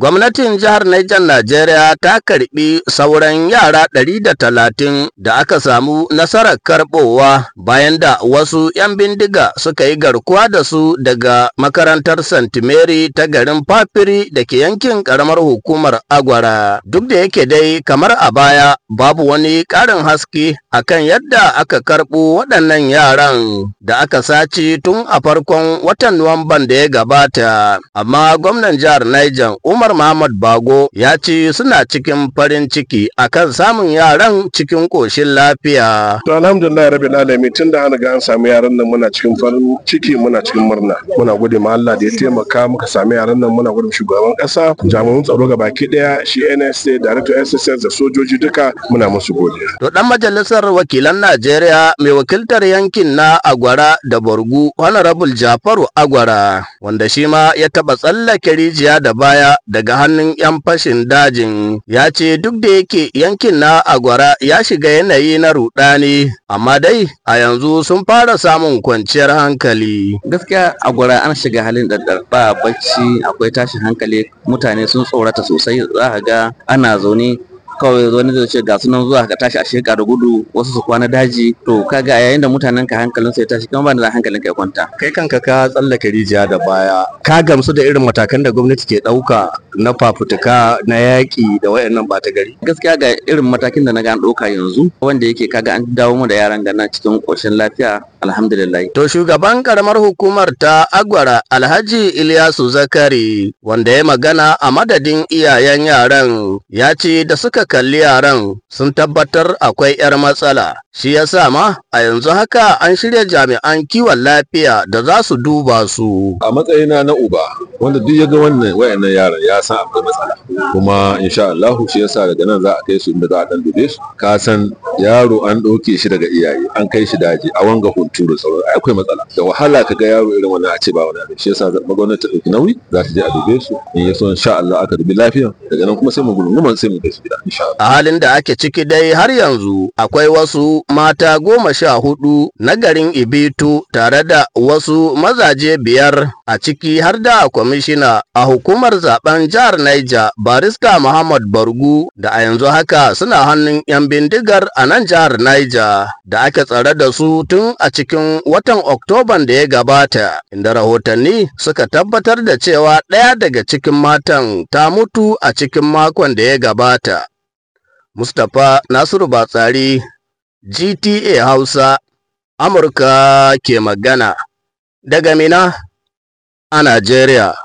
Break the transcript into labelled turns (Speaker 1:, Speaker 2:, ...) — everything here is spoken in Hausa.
Speaker 1: Gwamnatin jihar Niger Najeriya ta karbi sauran yara ɗari da talatin da aka samu nasarar karbowa, bayan da wasu 'yan bindiga suka yi garkuwa da su daga makarantar St. Mary ta garin Fafiri da ke yankin ƙaramar hukumar Agwara. Duk da yake dai kamar a baya babu wani ƙarin haske a kan yadda aka karɓo waɗannan yaran da aka sace tun a farkon watan Nuwamban da ya gabata. Amma gwamnan jihar Niger Umar Umar Muhammad Bago ya ce suna cikin farin ciki akan samun yaran cikin
Speaker 2: ƙoshin lafiya. To alhamdulillah rabbil alamin tunda an ga an samu yaran nan muna cikin farin ciki muna cikin murna. Muna gode ma Allah da ya taimaka muka samu yaran nan muna gode shugaban ƙasa, jami'an tsaro ga baki ɗaya, shi NSA, Director SSS da sojoji duka muna musu gode.
Speaker 1: To dan majalisar wakilan Najeriya mai wakiltar yankin na Agwara da Borgu Honorable Jafaru Agwara wanda shi ma ya taɓa tsallake rijiya da baya da daga hannun 'yan fashin dajin ya ce duk da yake yankin na agwara ya shiga yanayi na rudani amma dai a yanzu sun fara samun kwanciyar hankali gaskiya agwara an shiga halin daddar ba bacci akwai tashin hankali mutane
Speaker 3: sun tsorata sosai za ga ana zaune kawai wani zai ce ga sunan zuwa ka tashi a sheka da gudu wasu su kwana daji to kaga a yayin da mutanen ka hankalin sai tashi kuma ba da hankalin ka kwanta kai kanka ka tsallaka rijiya da baya ka gamsu da irin matakan da gwamnati ke dauka na fafutuka na yaki da wayannan bata gari gaskiya ga irin matakin da na ga an dauka yanzu wanda yake kaga an dawo mu da yaran gana cikin koshin lafiya alhamdulillah to
Speaker 1: shugaban karamar hukumar ta agwara alhaji ilyasu zakari wanda ya magana a madadin iyayen yaran ya ce da suka kalli yaran sun tabbatar akwai 'yar matsala Shi ya sa ma a yanzu haka an shirya jami'an kiwon lafiya
Speaker 4: da za su duba su. A matsayina na uba wanda duk ya ga wannan wayannan yaran ya san akwai matsala kuma insha Allah shi ya sa daga nan za a kai su inda za a dan dube su. Ka san yaro an ɗauke shi daga iyaye an kai shi daji a wanga hunturu sauran akwai matsala. Da wahala ka ga yaro irin wannan a ce ba wani abu. shi ya sa magwamnati ta ɗauki nauyi za ta je a dube su in ya so insha Allah aka dubi lafiya daga nan kuma sai mu gudunmu sai mu kai su gida insha Allah. A halin da ake ciki dai har yanzu
Speaker 1: akwai wasu mata goma sha hudu na garin Ibitu tare da wasu mazaje biyar a ciki har da kwamishina a hukumar zaben jihar Niger barista Muhammad Bargu da a yanzu haka suna hannun 'yan bindigar a nan jihar Niger da aka tsare da su tun a cikin watan Oktoban da ya gabata inda rahotanni suka tabbatar da cewa ɗaya daga cikin matan ta mutu a cikin makon da ya gabata. Mustapha Nasiru Batsari GTA Hausa, Amurka ke magana, daga Mina a Najeriya.